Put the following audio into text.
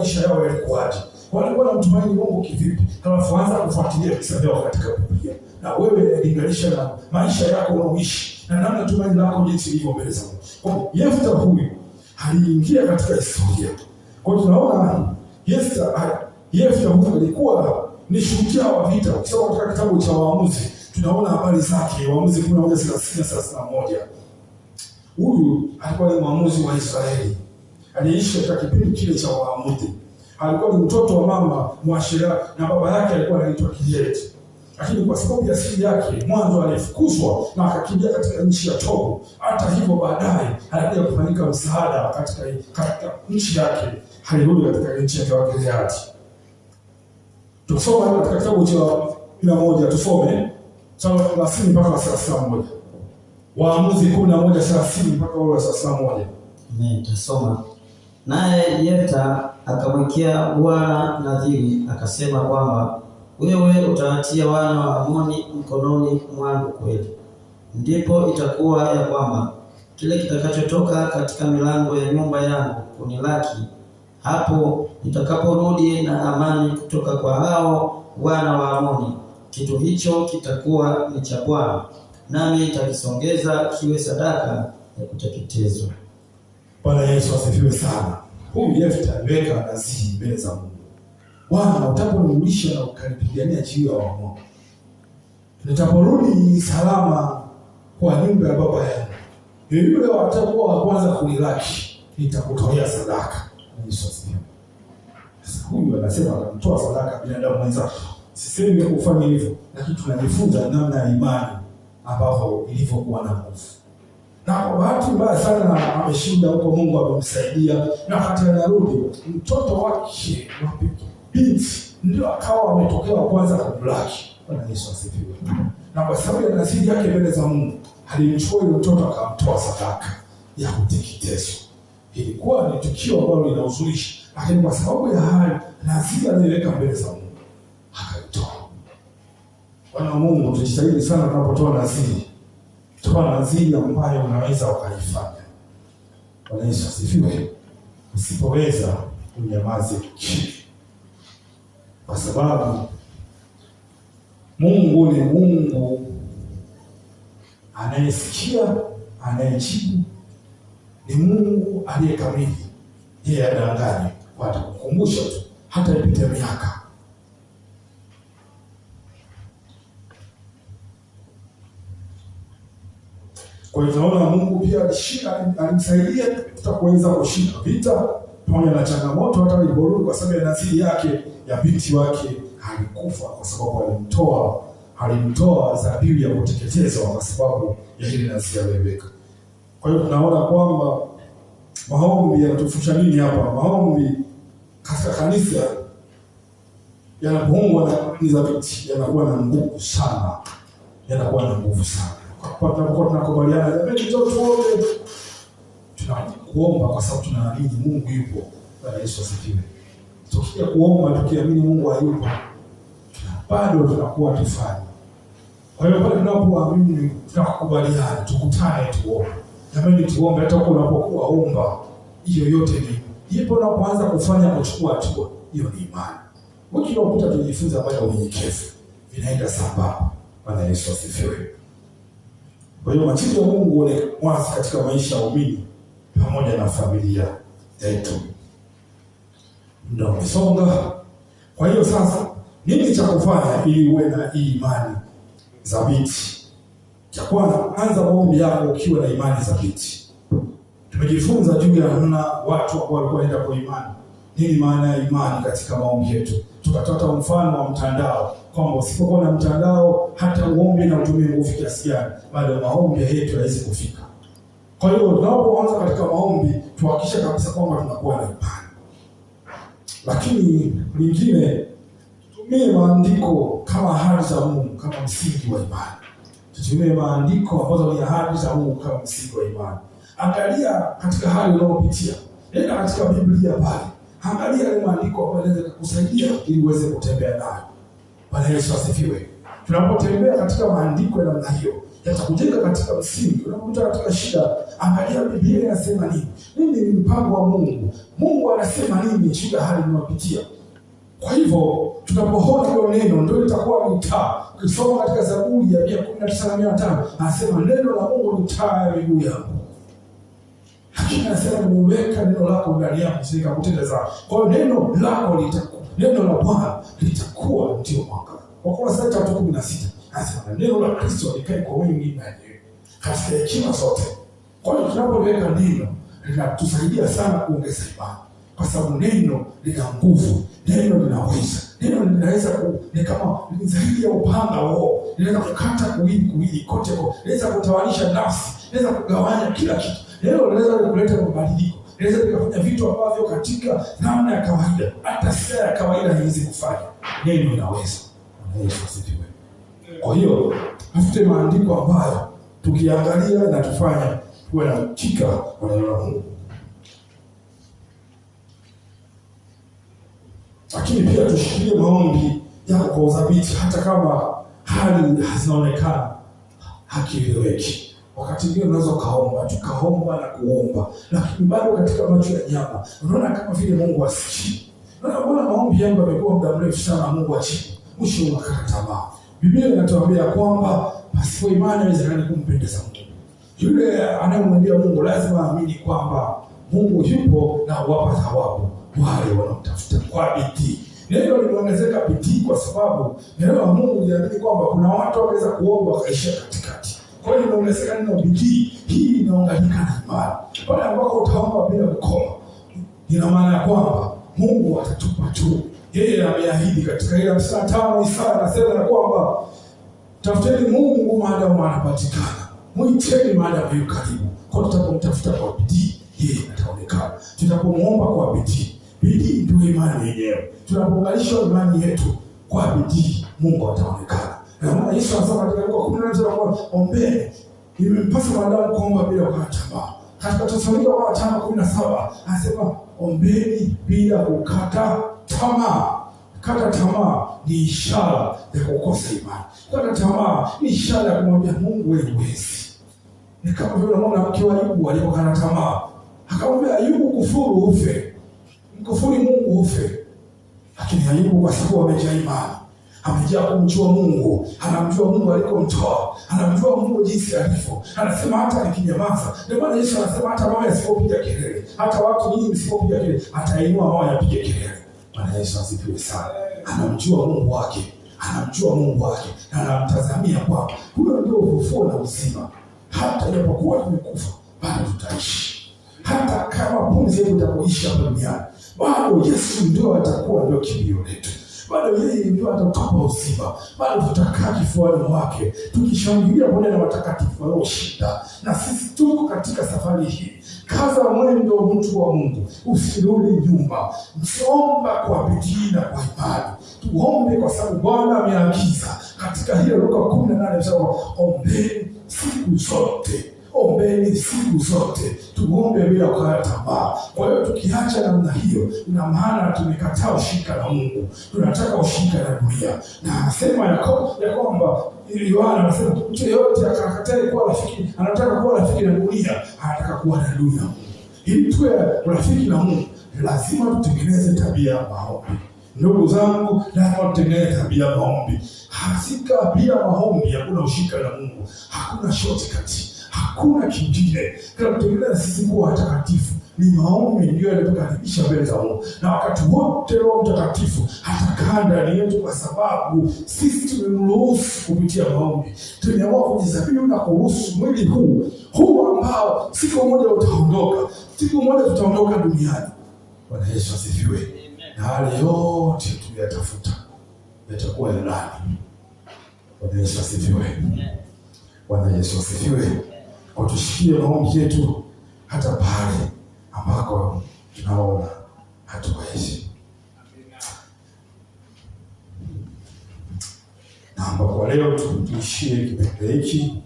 maisha yao yalikuwaje, walikuwa na mtumaini Mungu kivipi? Tunapoanza kufuatilia visa vyao katika Biblia, na wewe linganisha na maisha yako unaoishi na namna tumaini lako jinsi lilivyo mbele za Mungu. Yefta huyu aliingia katika historia. Kwa hiyo tunaona Yefta huyu alikuwa ni shujaa wa vita. Ukisoma katika kitabu cha Waamuzi tunaona habari zake, Waamuzi 11:30 na 31. Huyu alikuwa ni mwamuzi wa Israeli aliishi katika kipindi kile cha Waamuzi. Alikuwa ni mtoto wa mama Mwashira na baba yake alikuwa anaitwa Kilieti, lakini kwa sababu ya asili yake mwanzo alifukuzwa na akakimbia katika nchi ya Togo. Hata hivyo, baadaye alikuja kufanyika msaada katika, katika nchi yake, alirudi katika nchi yake wa Kilieti. Tukisoma katika kitabu cha mia moja tusome cha thelathini mpaka thelathini na moja Waamuzi kumi na moja thelathini mpaka thelathini na moja Nitasoma Naye Yefta akamwekea Bwana nadhiri, akasema kwamba wewe utawatia wana wa Amoni mkononi mwangu kweli, ndipo itakuwa ya kwamba kile kitakachotoka katika milango ya nyumba yangu kunilaki, hapo nitakaporudi na amani kutoka kwa hao wana wa Amoni, kitu hicho kitakuwa ni cha Bwana, nami nitakisongeza kiwe sadaka ya kuteketezwa. Bwana Yesu asifiwe sana. Huyu Yefta aliweka nazihi mbele za Mungu. Bwana, utaponirudisha na ukanipigania juu ya wamo, nitaporudi salama kwa nyumba ya baba yangu, yule watakuwa wa kwanza kunilaki, nitakutolea sadaka. Yesu asifiwe. Sasa huyu anasema akamtoa sadaka binadamu mwenzake. Sisemi kufanya hivyo, lakini tunajifunza namna ya imani ambapo ilivyokuwa na nguvu na kwa bahati mbaya sana ameshinda huko, Mungu amemsaidia, na wakati anarudi mtoto wake wa binti ndio akawa wametokea wa kwanza kumlaki. Bwana Yesu asifiwe. Na kwa sababu ya nasiri yake mbele za Mungu, alimchukua yule mtoto akamtoa sadaka ya kuteketezwa. Ilikuwa ni tukio ambalo linahuzunisha, lakini kwa sababu ya hayo nasiri aliweka mbele za Mungu akaitoa. Bwana Mungu, tujitahidi sana tunapotoa nasiri kutokana na ambayo unaweza ukaifanya. Bwana Yesu asifiwe. Usipoweza unyamaze chini, kwa sababu Mungu ni Mungu anayesikia, anayejibu, ni Mungu aliyekamili. Yeye adanganye, watakukumbusha tu, hata ipite miaka Kwa hiyo tunaona Mungu pia alishika, alimsaidia hata kuweza kushinda vita pamoja na changamoto, hata aliporudi, kwa sababu ya nadhiri yake ya binti wake alikufa, kwa sababu alimtoa alimtoa dhabihu ya kuteketezwa kwa sababu ya ile nadhiri ya Rebeka. Kwa hiyo tunaona kwamba maombi yanatufundisha nini hapa? Maombi katika kanisa yanapoungwa na kanuni za binti yanakuwa na nguvu sana, yanakuwa na nguvu sana kwa tunapokuwa tunakubaliana, jamani, njoo tuombe. Tunaanza kuomba kwa sababu tunaamini Mungu yupo. Bwana Yesu asifiwe. Tukija kuomba tukiamini Mungu hayupo, bado tunakuwa tufanye. Kwa hiyo pale tunapoamini tunakubaliana, tukutane tuombe. Jamani, tuombe hata huko unapokuwa omba. Hiyo yote ni ipo, unapoanza kufanya kuchukua hatua, hiyo ni imani. Wiki iliyopita tulijifunza habari ya unyenyekevu, vinaenda sambamba. Bwana Yesu asifiwe. Kwa hiyo machizo ya Mungu huone wazi katika maisha ya umini pamoja na familia yetu. Ndio umesonga. Kwa hiyo sasa nini cha kufanya ili uwe na imani thabiti? Cha kwanza, anza maombi yako ukiwa na imani thabiti. Tumejifunza juu ya namna watu ambao walikuwa wanaenda kwa imani. Nini maana ya imani katika maombi yetu? tukatata mfano wa mtandao kwamba usipokuwa na mtandao hata uombe na utumie nguvu kiasi gani, bado maombi yetu hayawezi kufika. Kwa hiyo tunapoanza katika maombi, tuhakikishe kabisa kwamba tunakuwa na imani, lakini nyingine tutumie maandiko kama ahadi za Mungu kama msingi wa imani. Tutumie maandiko ambazo ni ahadi za Mungu kama msingi wa imani. Angalia katika hali unayopitia, nenda katika Biblia pale Angalia yale maandiko ambayo yanaweza kukusaidia ili uweze kutembea nayo. Bwana Yesu asifiwe. Tunapotembea katika maandiko ya namna hiyo yatakujenga katika msingi. Unapokuta katika shida, angalia Biblia inasema nini. Mimi ni mpango wa Mungu. Mungu anasema nini shida hali inayopitia. Kwa hivyo tunapohoji hilo neno ndio litakuwa ni taa. Ukisoma katika Zaburi ya 119:5 anasema neno la Mungu ni taa ya miguu yangu lakini anasema umeweka neno lako ndani yako sika kutenda zao. Kwa hiyo neno lako litakuwa neno la Bwana litakuwa ndio mwanga. Kwa kwa sasa tatu kumi na sita anasema neno la Kristo likae kwa wingi ndani yetu katika hekima zote. Kwa hiyo tunapoweka neno linatusaidia sana kuongeza imani, kwa sababu neno lina nguvu, neno linaweza neno linaweza ku ni kama ni zaidi ya upanga wao, linaweza kukata kuwili kuwili kote, kwa linaweza kutawanisha nafsi, linaweza kugawanya kila kitu. Leo naweza kuleta mabadiliko, naweza kufanya vitu ambavyo katika namna ya kawaida, hata saa ya kawaida haiwezi kufanya. Neno inaweza. Kwa hiyo tafute maandiko ambayo tukiangalia inatufanya tuwe na uhakika wa neno la Mungu. Lakini pia tushikilie maombi ya kwa uthabiti, hata kama hali hazinaonekana hakieleweki. Wakati mwingine unaweza ukaomba tukaomba na kuomba, lakini bado katika macho ya nyama unaona kama vile Mungu hasikii. Unaona mbona maombi yangu yamekuwa muda mrefu sana, Mungu hajibu, mwisho unakata tamaa. Biblia inatuambia kwamba pasipo imani haiwezekani kumpendeza Mungu. Yule anayemwambia Mungu lazima aamini kwamba Mungu yupo na huwapa thawabu wale wanaomtafuta kwa bidii. Neno limeongezeka bidii, kwa sababu neno la Mungu liamini kwamba kuna watu waweza kuomba wakaishia katika kwa hiyo inaongezeka na bidii hii inaunganika na imani, pale ambako utaomba bila kukoma, ina maana ya kwamba Mungu atatupa tu. Yeye ameahidi katika ile hamsini tano Isaya anasema na kwamba tafuteni Mungu maadamu anapatikana, mwiteni maadamu yu karibu. Kwa tutapomtafuta kwa bidii, yeye ataonekana. Tutapomwomba kwa bidii, bidii ndio imani yenyewe. Tunapounganisha imani yetu kwa bidii, Mungu ataonekana. Yesu anasema katika Luka 14 anasema kwamba ombeni, imempasa mwanadamu kuomba bila kukata tamaa. Katika Wathesalonike wa tano kumi na saba anasema ombeni bila kukata tamaa. Kata tamaa ni ishara ya kukosa imani. Kata tamaa ni ishara ya kumwambia Mungu wewe huwezi. Ni kama vile unaona mke wa Ayubu alipokata tamaa, akamwambia Ayubu, kufuru ufe, mkufuru Mungu ufe, lakini Ayubu kwa sababu amejaa imani amejaa kumjua Mungu, anamjua Mungu alikomtoa, anamjua Mungu jinsi alivyo. Anasema hata nikinyamaza. Ndio maana Yesu anasema hata mawe yasipopiga kelele, hata watu nyinyi msipopiga kelele, atainua mawe yapige kelele. Bwana Yesu asifiwe sana. Anamjua Mungu wake, anamjua Mungu wake na anamtazamia kwamba huyo ndio ufufuo na uzima. Hata japokuwa tumekufa bado tutaishi, hata kama pumzi yetu itapoisha duniani, bado Yesu ndio atakuwa ndio kimbilio letu bado yeye ndio atatupa uzima, bado tutakaa kifuani mwake tukishangilia pamoja na watakatifu walioshinda. Na sisi tuko katika safari hii. Kaza mwendo, mtu wa Mungu, usirudi nyuma. msomba kwa bidii na kwa imani, tuombe kwa sababu Bwana ameagiza katika hiyo Luka kumi na nane ombeni siku zote Ombeni siku zote, tuombe bila kukata tamaa. Kwa hiyo tukiacha namna hiyo, ina maana tumekataa ushirika na Mungu, tunataka ushirika na dunia. Na anasema ya kwamba Yohana anasema mtu yeyote akakatae kuwa rafiki, anataka kuwa rafiki na dunia, anataka kuwa na dunia. Ili tuwe rafiki na Mungu, lazima tutengeneze tabia ya maombi. Ndugu zangu, lazima tutengeneze tabia maombi. Hakika bila maombi hakuna ushirika na Mungu, hakuna shortcut hakuna kingine kinachotutengeneza sisi kuwa watakatifu ni maombi ndio yanatukaribisha mbele za Mungu, na wakati wote Roho Mtakatifu atakaa ndani yetu, kwa sababu sisi tumemruhusu kupitia maombi. Tumeamua kujisafiri na kuruhusu mwili huu huu ambao siku moja utaondoka, siku moja tutaondoka duniani. Bwana Yesu asifiwe. Na hali yote tuliyatafuta yatakuwa ya ndani. Bwana Yesu asifiwe. Bwana Yesu asifiwe watusikie maombi yetu hata pale ambako tunaona hatuwezi. Na ambapo leo tuishie kipengele hiki.